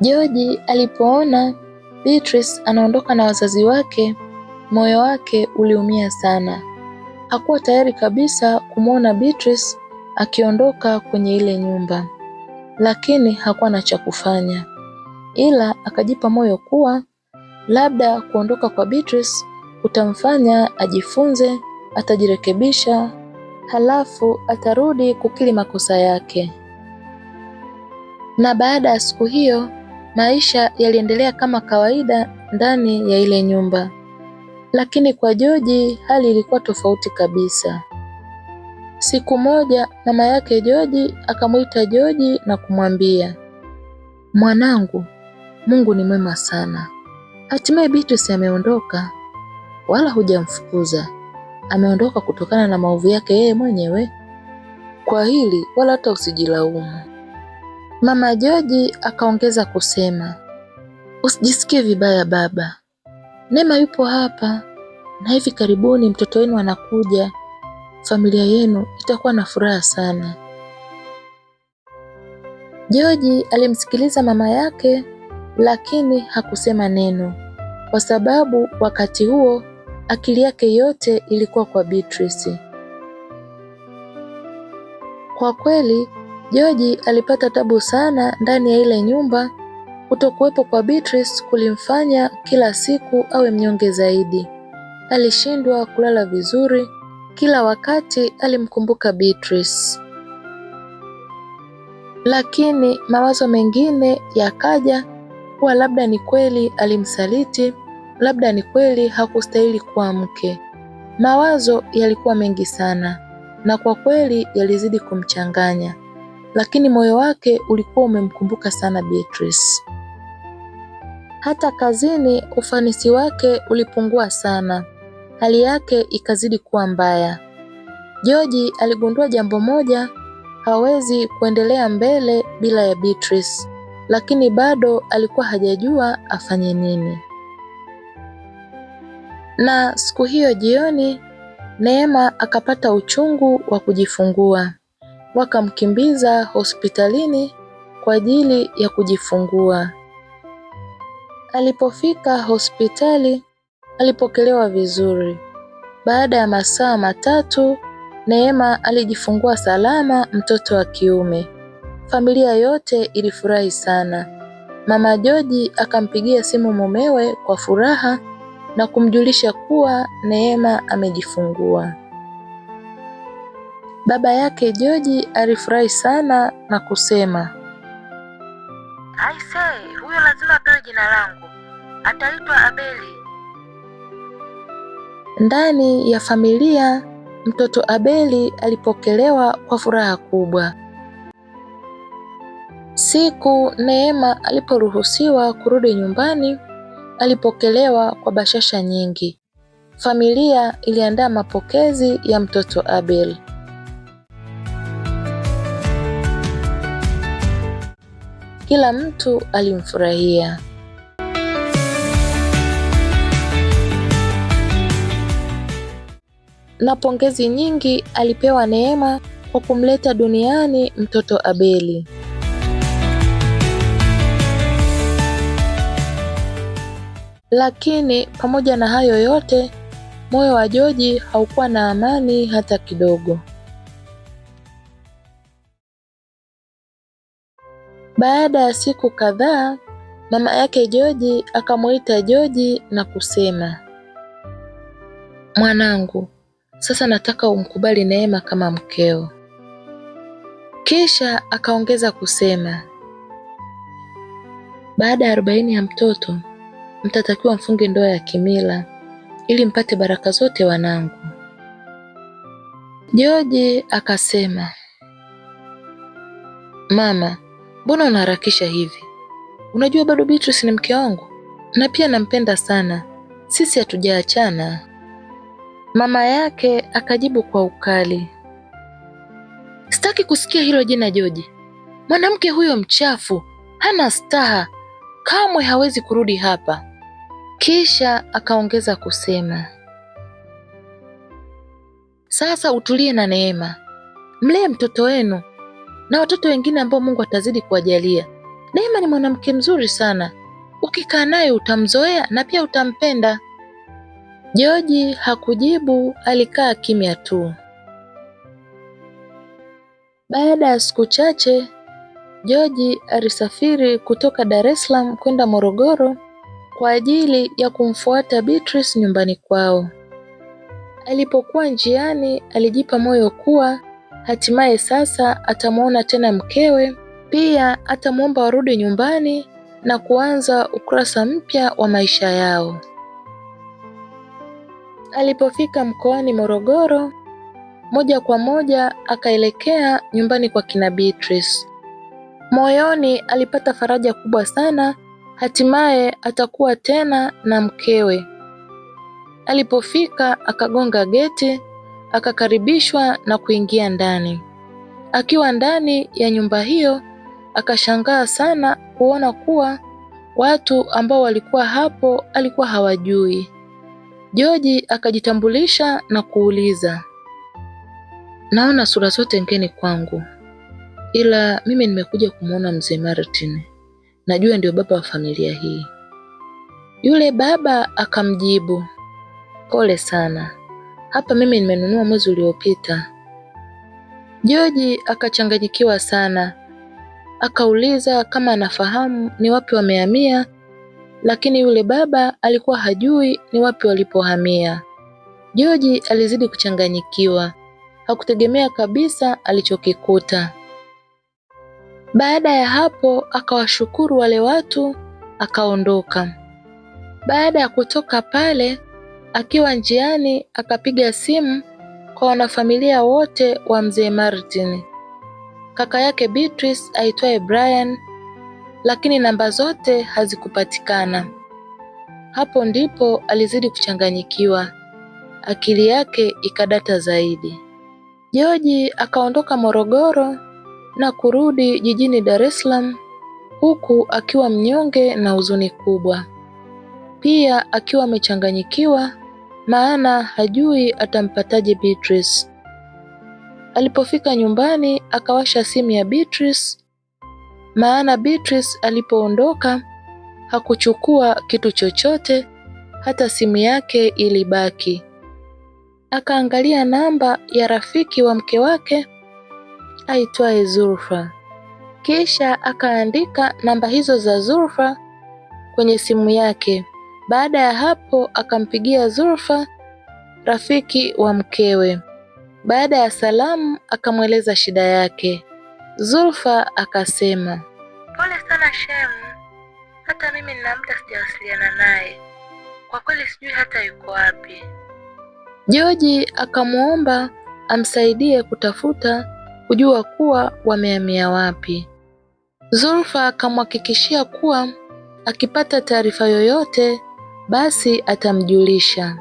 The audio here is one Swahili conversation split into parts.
George alipoona Beatrice anaondoka na wazazi wake, moyo wake uliumia sana. Hakuwa tayari kabisa kumwona Beatrice akiondoka kwenye ile nyumba, lakini hakuwa na cha kufanya, ila akajipa moyo kuwa labda kuondoka kwa Beatrice kutamfanya ajifunze, atajirekebisha, halafu atarudi kukiri makosa yake. Na baada ya siku hiyo Maisha yaliendelea kama kawaida ndani ya ile nyumba, lakini kwa Joji hali ilikuwa tofauti kabisa. Siku moja mama yake Joji akamwita Joji na kumwambia, mwanangu, Mungu ni mwema sana, hatimaye Beatrice ameondoka, wala hujamfukuza. Ameondoka kutokana na maovu yake yeye mwenyewe. Kwa hili wala hata usijilaumu. Mama joji akaongeza kusema, usijisikie vibaya baba, Neema yupo hapa na hivi karibuni mtoto wenu anakuja. Familia yenu itakuwa na furaha sana. joji alimsikiliza mama yake, lakini hakusema neno, kwa sababu wakati huo akili yake yote ilikuwa kwa Beatrice. Kwa kweli George alipata tabu sana ndani ya ile nyumba. Kutokuwepo kwa Beatrice kulimfanya kila siku awe mnyonge zaidi. Alishindwa kulala vizuri, kila wakati alimkumbuka Beatrice. Lakini mawazo mengine yakaja kuwa labda ni kweli alimsaliti, labda ni kweli hakustahili kuwa mke. Mawazo yalikuwa mengi sana na kwa kweli yalizidi kumchanganya lakini moyo wake ulikuwa umemkumbuka sana Beatrice. Hata kazini ufanisi wake ulipungua sana, hali yake ikazidi kuwa mbaya. George aligundua jambo moja, hawezi kuendelea mbele bila ya Beatrice, lakini bado alikuwa hajajua afanye nini. Na siku hiyo jioni, Neema akapata uchungu wa kujifungua wakamkimbiza hospitalini kwa ajili ya kujifungua. Alipofika hospitali alipokelewa vizuri. Baada ya masaa matatu Neema alijifungua salama mtoto wa kiume. Familia yote ilifurahi sana. Mama Joji akampigia simu mumewe kwa furaha na kumjulisha kuwa Neema amejifungua. Baba yake Joji alifurahi sana na kusema, aisee, huyo lazima apewe jina langu, ataitwa Abeli. Ndani ya familia, mtoto Abeli alipokelewa kwa furaha kubwa. Siku Neema aliporuhusiwa kurudi nyumbani, alipokelewa kwa bashasha nyingi. Familia iliandaa mapokezi ya mtoto Abeli. Kila mtu alimfurahia. Na pongezi nyingi alipewa Neema kwa kumleta duniani mtoto Abeli. Lakini pamoja na hayo yote, moyo wa Joji haukuwa na amani hata kidogo. Baada ya siku kadhaa, mama yake joji akamwita joji na kusema, mwanangu, sasa nataka umkubali Neema kama mkeo. Kisha akaongeza kusema, baada ya arobaini ya mtoto mtatakiwa mfunge ndoa ya kimila ili mpate baraka zote wanangu. joji akasema, mama mbona unaharakisha hivi? Unajua bado Beatrice ni mke wangu na pia nampenda sana, sisi hatujaachana. Mama yake akajibu kwa ukali, sitaki kusikia hilo jina Joji. Mwanamke huyo mchafu, hana staha, kamwe hawezi kurudi hapa. Kisha akaongeza kusema, sasa utulie na Neema, mlee mtoto wenu na watoto wengine ambao Mungu atazidi kuwajalia. Neema ni mwanamke mzuri sana, ukikaa naye utamzoea na pia utampenda. Joji hakujibu, alikaa kimya tu. Baada ya siku chache, Joji alisafiri kutoka Dar es Salaam kwenda Morogoro kwa ajili ya kumfuata Beatrice nyumbani kwao. Alipokuwa njiani, alijipa moyo kuwa Hatimaye sasa atamwona tena mkewe, pia atamwomba warudi nyumbani na kuanza ukurasa mpya wa maisha yao. Alipofika mkoani Morogoro, moja kwa moja akaelekea nyumbani kwa kina Beatrice. Moyoni alipata faraja kubwa sana, hatimaye atakuwa tena na mkewe. Alipofika akagonga geti akakaribishwa na kuingia ndani. Akiwa ndani ya nyumba hiyo, akashangaa sana kuona kuwa watu ambao walikuwa hapo alikuwa hawajui. Joji akajitambulisha na kuuliza, naona sura zote ngeni kwangu, ila mimi nimekuja kumwona mzee Martin, najua ndio baba wa familia hii. Yule baba akamjibu, pole sana, hapa mimi nimenunua mwezi uliopita. Joji akachanganyikiwa sana, akauliza kama anafahamu ni wapi wamehamia, lakini yule baba alikuwa hajui ni wapi walipohamia. Joji alizidi kuchanganyikiwa, hakutegemea kabisa alichokikuta. Baada ya hapo, akawashukuru wale watu, akaondoka. Baada ya kutoka pale Akiwa njiani akapiga simu kwa wanafamilia wote wa mzee Martin, kaka yake Beatrice aitwaye Brian, lakini namba zote hazikupatikana. Hapo ndipo alizidi kuchanganyikiwa, akili yake ikadata zaidi. George akaondoka Morogoro na kurudi jijini Dar es Salaam huku akiwa mnyonge na huzuni kubwa, pia akiwa amechanganyikiwa maana hajui atampataje Beatrice. Alipofika nyumbani akawasha simu ya Beatrice, maana Beatrice alipoondoka hakuchukua kitu chochote, hata simu yake ilibaki. Akaangalia namba ya rafiki wa mke wake aitwaye Zulfa, kisha akaandika namba hizo za Zulfa kwenye simu yake baada ya hapo akampigia Zulfa rafiki wa mkewe. Baada ya salamu akamweleza shida yake. Zulfa akasema, pole sana Shemu, hata mimi nina muda sijawasiliana naye kwa kweli, sijui hata yuko wapi. Joji akamwomba amsaidie kutafuta kujua kuwa wamehamia wapi. Zulfa akamhakikishia kuwa akipata taarifa yoyote basi atamjulisha.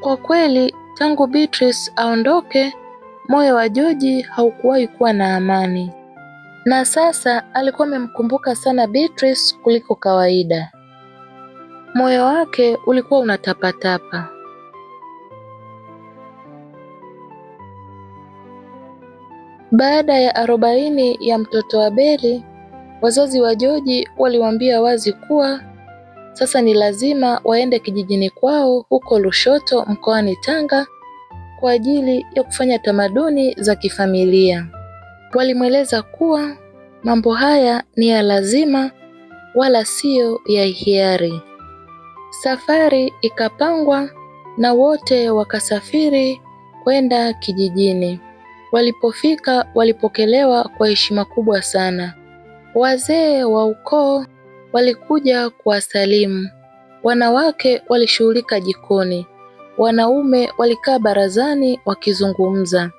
Kwa kweli tangu Beatrice aondoke, moyo wa George haukuwahi kuwa na amani, na sasa alikuwa amemkumbuka sana Beatrice kuliko kawaida. Moyo wake ulikuwa unatapatapa. Baada ya arobaini ya mtoto wa Beli, wazazi wa George waliwaambia wazi kuwa sasa ni lazima waende kijijini kwao huko Lushoto mkoani Tanga kwa ajili ya kufanya tamaduni za kifamilia. Walimweleza kuwa mambo haya ni ya lazima wala siyo ya hiari. Safari ikapangwa na wote wakasafiri kwenda kijijini. Walipofika walipokelewa kwa heshima kubwa sana. Wazee wa ukoo walikuja kuwasalimu. Wanawake walishughulika jikoni, wanaume walikaa barazani wakizungumza.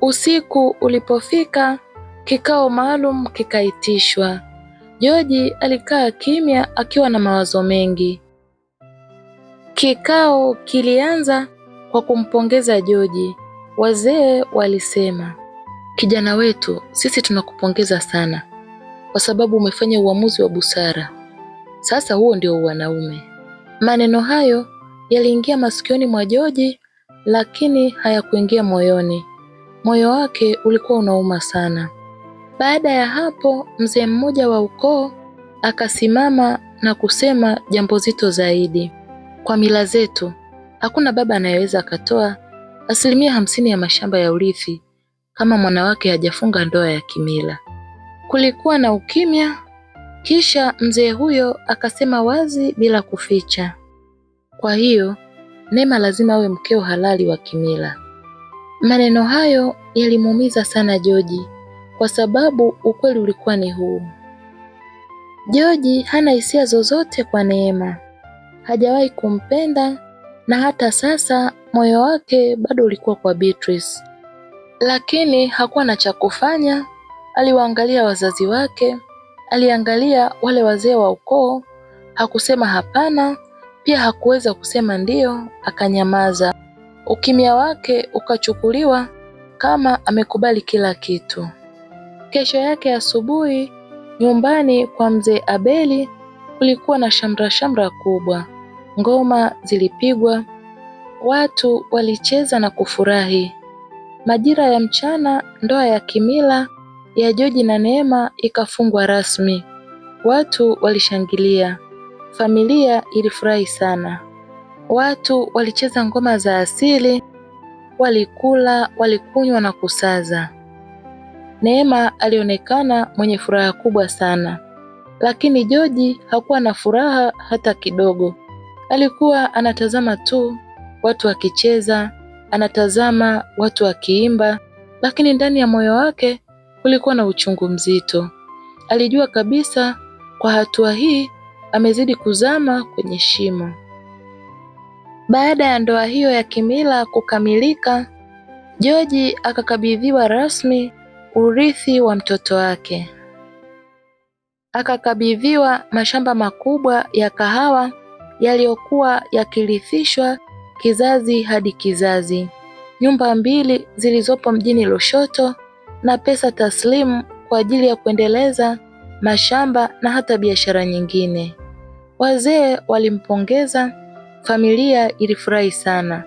Usiku ulipofika, kikao maalum kikaitishwa. Joji alikaa kimya akiwa na mawazo mengi. Kikao kilianza kwa kumpongeza Joji. Wazee walisema, kijana wetu, sisi tunakupongeza sana kwa sababu umefanya uamuzi wa busara. Sasa huo ndio wanaume. Maneno hayo yaliingia masikioni mwa Joji, lakini hayakuingia moyoni. Moyo wake ulikuwa unauma sana. Baada ya hapo, mzee mmoja wa ukoo akasimama na kusema jambo zito zaidi. Kwa mila zetu, hakuna baba anayeweza akatoa asilimia hamsini ya mashamba ya urithi kama mwanawake hajafunga ndoa ya kimila. Kulikuwa na ukimya, kisha mzee huyo akasema wazi bila kuficha, kwa hiyo Neema lazima awe mkeo halali wa kimila. Maneno hayo yalimuumiza sana Joji kwa sababu ukweli ulikuwa ni huu: Joji hana hisia zozote kwa Neema, hajawahi kumpenda, na hata sasa moyo wake bado ulikuwa kwa Beatrice, lakini hakuwa na cha kufanya aliwaangalia wazazi wake, aliangalia wale wazee wa ukoo, hakusema hapana, pia hakuweza kusema ndiyo, akanyamaza. Ukimya wake ukachukuliwa kama amekubali kila kitu. Kesho yake asubuhi, nyumbani kwa mzee Abeli kulikuwa na shamra shamra kubwa, ngoma zilipigwa, watu walicheza na kufurahi. Majira ya mchana, ndoa ya kimila ya joji na Neema ikafungwa rasmi. Watu walishangilia, familia ilifurahi sana, watu walicheza ngoma za asili, walikula, walikunywa na kusaza. Neema alionekana mwenye furaha kubwa sana, lakini joji hakuwa na furaha hata kidogo. Alikuwa anatazama tu watu wakicheza, anatazama watu wakiimba, lakini ndani ya moyo wake Kulikuwa na uchungu mzito. Alijua kabisa kwa hatua hii amezidi kuzama kwenye shimo. Baada ya ndoa hiyo ya kimila kukamilika, George akakabidhiwa rasmi urithi wa mtoto wake. Akakabidhiwa mashamba makubwa ya kahawa yaliyokuwa yakirithishwa kizazi hadi kizazi. Nyumba mbili zilizopo mjini Lushoto na pesa taslimu kwa ajili ya kuendeleza mashamba na hata biashara nyingine. Wazee walimpongeza, familia ilifurahi sana.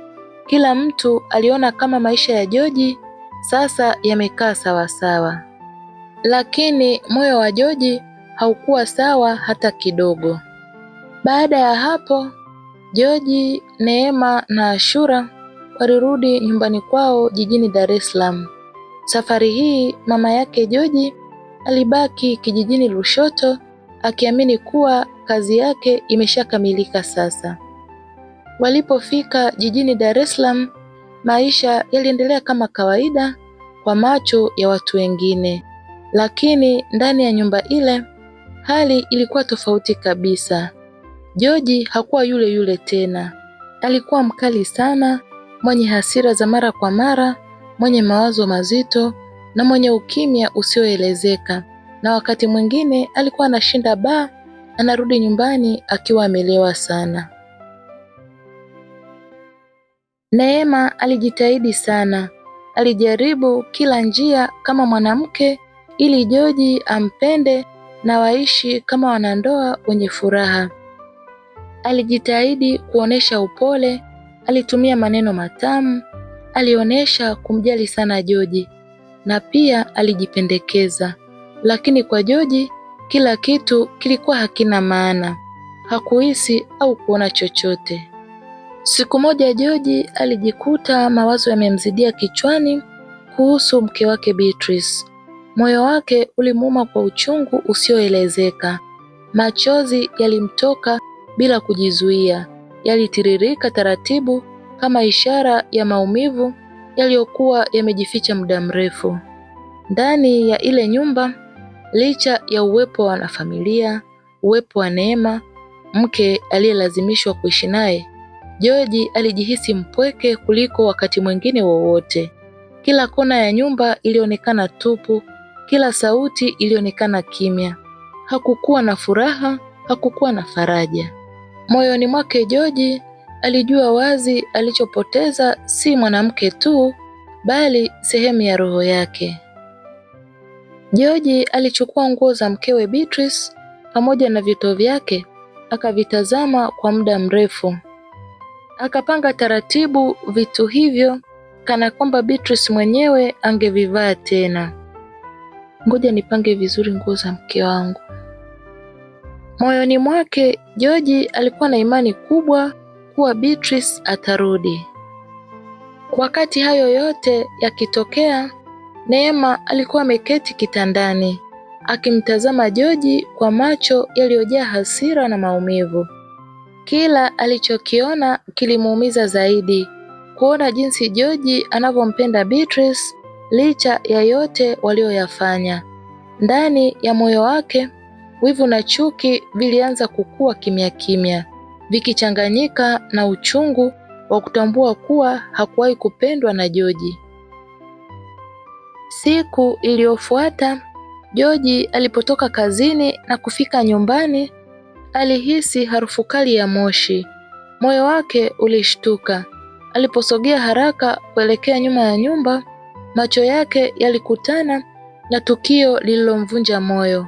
Kila mtu aliona kama maisha ya Joji sasa yamekaa sawasawa, lakini moyo wa Joji haukuwa sawa hata kidogo. Baada ya hapo, Joji, Neema na Ashura walirudi nyumbani kwao jijini Dar es Salaam. Safari hii mama yake joji alibaki kijijini Lushoto akiamini kuwa kazi yake imeshakamilika sasa. Walipofika jijini Dar es Salaam, maisha yaliendelea kama kawaida kwa macho ya watu wengine, lakini ndani ya nyumba ile hali ilikuwa tofauti kabisa. joji hakuwa yule yule tena, alikuwa mkali sana, mwenye hasira za mara kwa mara mwenye mawazo mazito na mwenye ukimya usioelezeka, na wakati mwingine alikuwa anashinda baa, anarudi nyumbani akiwa amelewa sana. Neema alijitahidi sana, alijaribu kila njia kama mwanamke ili Joji ampende na waishi kama wanandoa wenye furaha. Alijitahidi kuonesha upole, alitumia maneno matamu, alionyesha kumjali sana Joji na pia alijipendekeza, lakini kwa Joji kila kitu kilikuwa hakina maana, hakuhisi au kuona chochote. Siku moja Joji alijikuta mawazo yamemzidia kichwani kuhusu mke wake Beatrice. Moyo wake ulimuuma kwa uchungu usioelezeka, machozi yalimtoka bila kujizuia, yalitiririka taratibu kama ishara ya maumivu yaliyokuwa yamejificha muda mrefu ndani ya ile nyumba. Licha ya uwepo wa wanafamilia, uwepo wa Neema, mke aliyelazimishwa kuishi naye, George alijihisi mpweke kuliko wakati mwingine wowote. Kila kona ya nyumba ilionekana tupu, kila sauti ilionekana kimya. Hakukuwa na furaha, hakukuwa na faraja moyoni mwake George alijua wazi alichopoteza si mwanamke tu, bali sehemu ya roho yake. George alichukua nguo za mkewe Beatrice pamoja na vito vyake, akavitazama kwa muda mrefu. Akapanga taratibu vitu hivyo kana kwamba Beatrice mwenyewe angevivaa tena. Ngoja nipange vizuri nguo za mke wangu. Moyoni mwake George alikuwa na imani kubwa kuwa Beatrice atarudi. Wakati hayo yote yakitokea, Neema alikuwa ameketi kitandani akimtazama Joji kwa macho yaliyojaa hasira na maumivu. Kila alichokiona kilimuumiza zaidi, kuona jinsi Joji anavyompenda Beatrice licha ya yote walioyafanya. Ndani ya moyo wake wivu na chuki vilianza kukua kimya kimya vikichanganyika na uchungu wa kutambua kuwa hakuwahi kupendwa na Joji. Siku iliyofuata Joji alipotoka kazini na kufika nyumbani, alihisi harufu kali ya moshi. Moyo wake ulishtuka. Aliposogea haraka kuelekea nyuma ya nyumba, macho yake yalikutana na tukio lililomvunja moyo.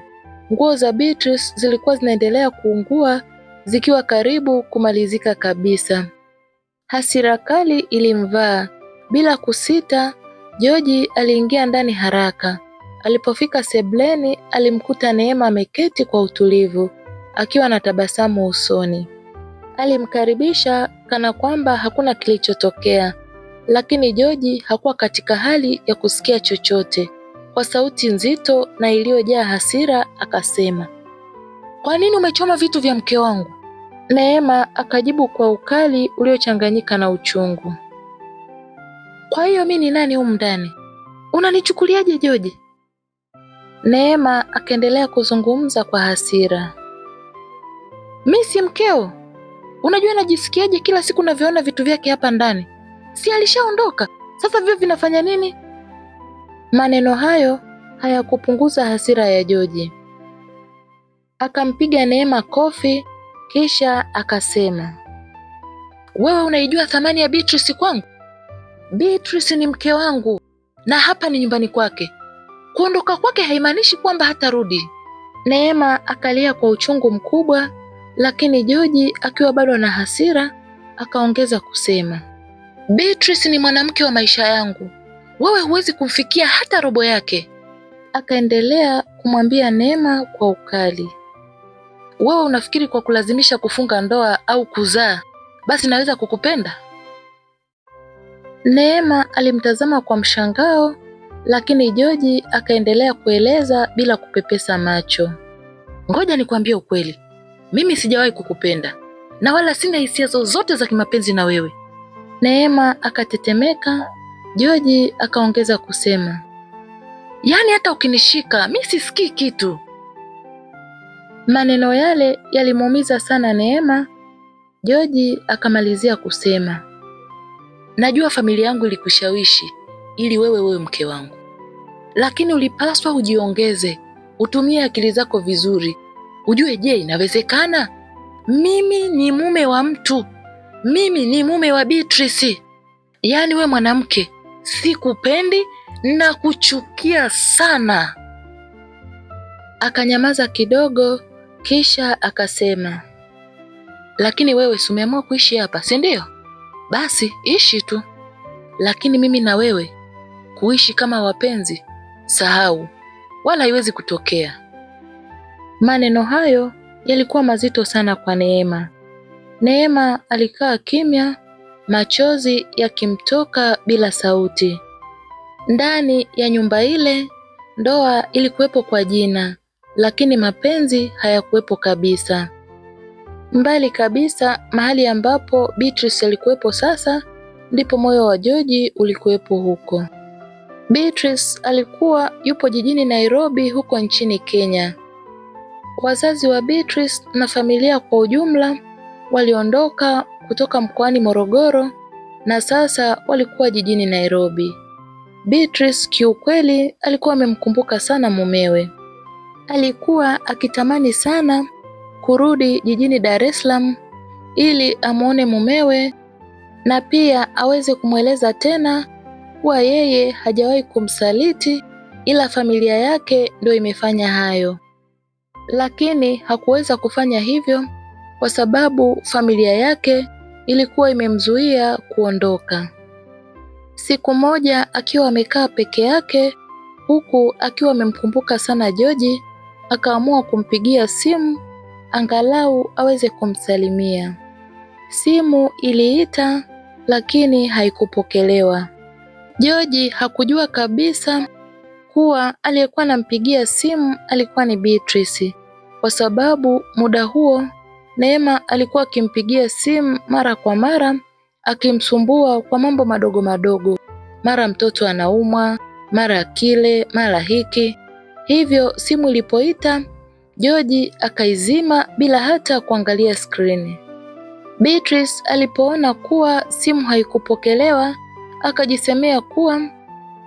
Nguo za Beatrice zilikuwa zinaendelea kuungua zikiwa karibu kumalizika kabisa. Hasira kali ilimvaa. Bila kusita, joji aliingia ndani haraka. Alipofika sebleni, alimkuta Neema ameketi kwa utulivu, akiwa na tabasamu usoni. Alimkaribisha kana kwamba hakuna kilichotokea, lakini joji hakuwa katika hali ya kusikia chochote. Kwa sauti nzito na iliyojaa hasira akasema, kwa nini umechoma vitu vya mke wangu? Neema akajibu kwa ukali uliochanganyika na uchungu, kwa hiyo mi ni nani humu ndani? Unanichukuliaje Joji? Neema akaendelea kuzungumza kwa hasira, mi si mkeo? Unajua najisikiaje kila siku navyoona vitu vyake hapa ndani? Si alishaondoka sasa, vyo vinafanya nini? Maneno hayo hayakupunguza hasira ya Joji, akampiga Neema kofi kisha akasema, wewe unaijua thamani ya Beatrice kwangu? Beatrice ni mke wangu na hapa ni nyumbani kwake. Kuondoka kwake haimaanishi kwamba hatarudi. Neema akalia kwa uchungu mkubwa, lakini Joji akiwa bado na hasira akaongeza kusema, Beatrice ni mwanamke wa maisha yangu, wewe huwezi kumfikia hata robo yake. Akaendelea kumwambia Neema kwa ukali wewe unafikiri kwa kulazimisha kufunga ndoa au kuzaa basi naweza kukupenda? Neema alimtazama kwa mshangao, lakini Joji akaendelea kueleza bila kupepesa macho. Ngoja nikwambie ukweli, mimi sijawahi kukupenda na wala sina hisia zozote za kimapenzi na wewe. Neema akatetemeka. Joji akaongeza kusema, yaani hata ukinishika mi sisikii kitu. Maneno yale yalimuumiza sana Neema. Joji akamalizia kusema, najua familia yangu ilikushawishi ili wewe wewe mke wangu, lakini ulipaswa ujiongeze, utumie akili zako vizuri, ujue, je, inawezekana? Mimi ni mume wa mtu, mimi ni mume wa Beatrice. Yaani we mwanamke, sikupendi na kuchukia sana. Akanyamaza kidogo kisha akasema, lakini wewe si umeamua kuishi hapa, si ndio? Basi ishi tu, lakini mimi na wewe kuishi kama wapenzi, sahau, wala haiwezi kutokea. Maneno hayo yalikuwa mazito sana kwa Neema. Neema alikaa kimya, machozi yakimtoka bila sauti. Ndani ya nyumba ile ndoa ilikuwepo kwa jina, lakini mapenzi hayakuwepo kabisa. Mbali kabisa, mahali ambapo Beatrice alikuwepo sasa, ndipo moyo wa George ulikuwepo huko. Beatrice alikuwa yupo jijini Nairobi huko nchini Kenya. Wazazi wa Beatrice na familia kwa ujumla waliondoka kutoka mkoani Morogoro na sasa walikuwa jijini Nairobi. Beatrice kiukweli alikuwa amemkumbuka sana mumewe alikuwa akitamani sana kurudi jijini Dar es Salaam ili amwone mumewe na pia aweze kumweleza tena kuwa yeye hajawahi kumsaliti ila familia yake ndio imefanya hayo, lakini hakuweza kufanya hivyo kwa sababu familia yake ilikuwa imemzuia kuondoka. Siku moja akiwa amekaa peke yake, huku akiwa amemkumbuka sana Joji, akaamua kumpigia simu angalau aweze kumsalimia. Simu iliita lakini haikupokelewa. joji hakujua kabisa kuwa aliyekuwa anampigia simu alikuwa ni Beatrice, kwa sababu muda huo Neema alikuwa akimpigia simu mara kwa mara akimsumbua kwa mambo madogo madogo, mara mtoto anaumwa, mara kile, mara hiki. Hivyo simu ilipoita, George akaizima bila hata kuangalia skrini. Beatrice alipoona kuwa simu haikupokelewa, akajisemea kuwa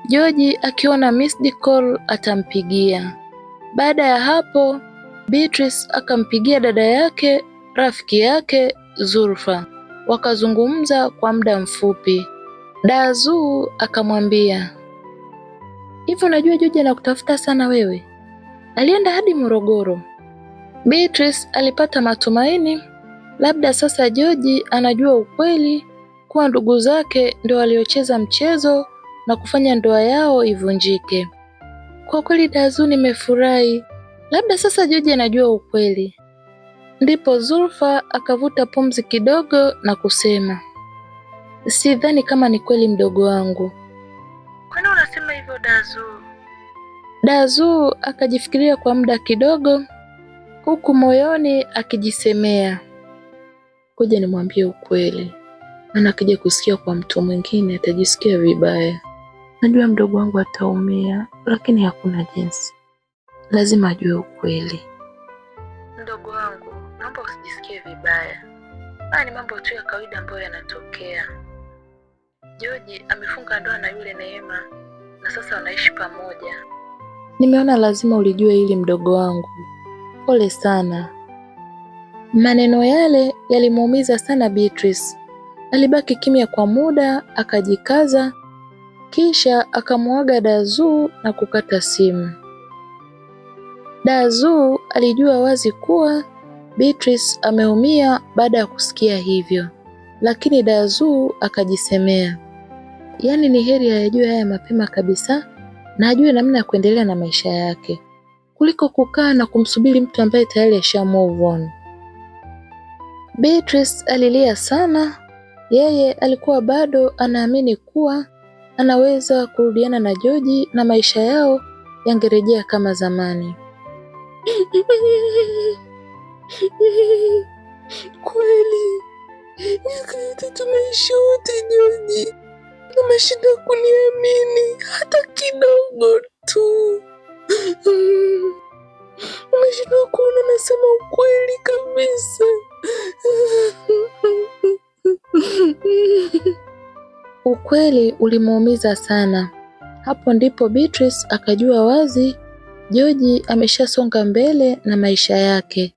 George akiona missed call atampigia. Baada ya hapo, Beatrice akampigia dada yake, rafiki yake Zulfa. Wakazungumza kwa muda mfupi. Dazu akamwambia Hivi unajua Joji anakutafuta sana wewe, alienda hadi Morogoro. Beatrice alipata matumaini, labda sasa Joji anajua ukweli kuwa ndugu zake ndio waliocheza mchezo na kufanya ndoa yao ivunjike. Kwa kweli Dazu, nimefurahi, labda sasa Joji anajua ukweli. Ndipo Zulfa akavuta pumzi kidogo na kusema, sidhani kama ni kweli, mdogo wangu. Dazuu. Dazu akajifikiria kwa muda kidogo, huku moyoni akijisemea, kuja nimwambie ukweli, maana akija kusikia kwa mtu mwingine atajisikia vibaya. Najua mdogo wangu ataumia, lakini hakuna jinsi, lazima ajue ukweli. Mdogo wangu, naomba usijisikie vibaya, haya ni mambo tu ya kawaida ambayo yanatokea. Joji amefunga ndoa na yule Neema na sasa wanaishi pamoja. Nimeona lazima ulijue hili, mdogo wangu, pole sana. Maneno yale yalimuumiza sana Beatrice. Alibaki kimya kwa muda, akajikaza, kisha akamwaga Dazuu na kukata simu. Dazuu alijua wazi kuwa Beatrice ameumia baada ya kusikia hivyo, lakini Dazuu akajisemea Yaani ni heri ayajue haya mapema kabisa na ajue namna ya kuendelea na maisha yake kuliko kukaa na kumsubiri mtu ambaye tayari asha move on. Beatrice alilia sana. Yeye alikuwa bado anaamini kuwa anaweza kurudiana na joji na maisha yao yangerejea kama zamani. Kweli miaka yote tumeishi wote George umeshindwa kuniamini hata kidogo tu. Umeshindwa kuona nasema ukweli kabisa. Ukweli ulimuumiza sana. Hapo ndipo Beatrice akajua wazi Joji ameshasonga mbele na maisha yake.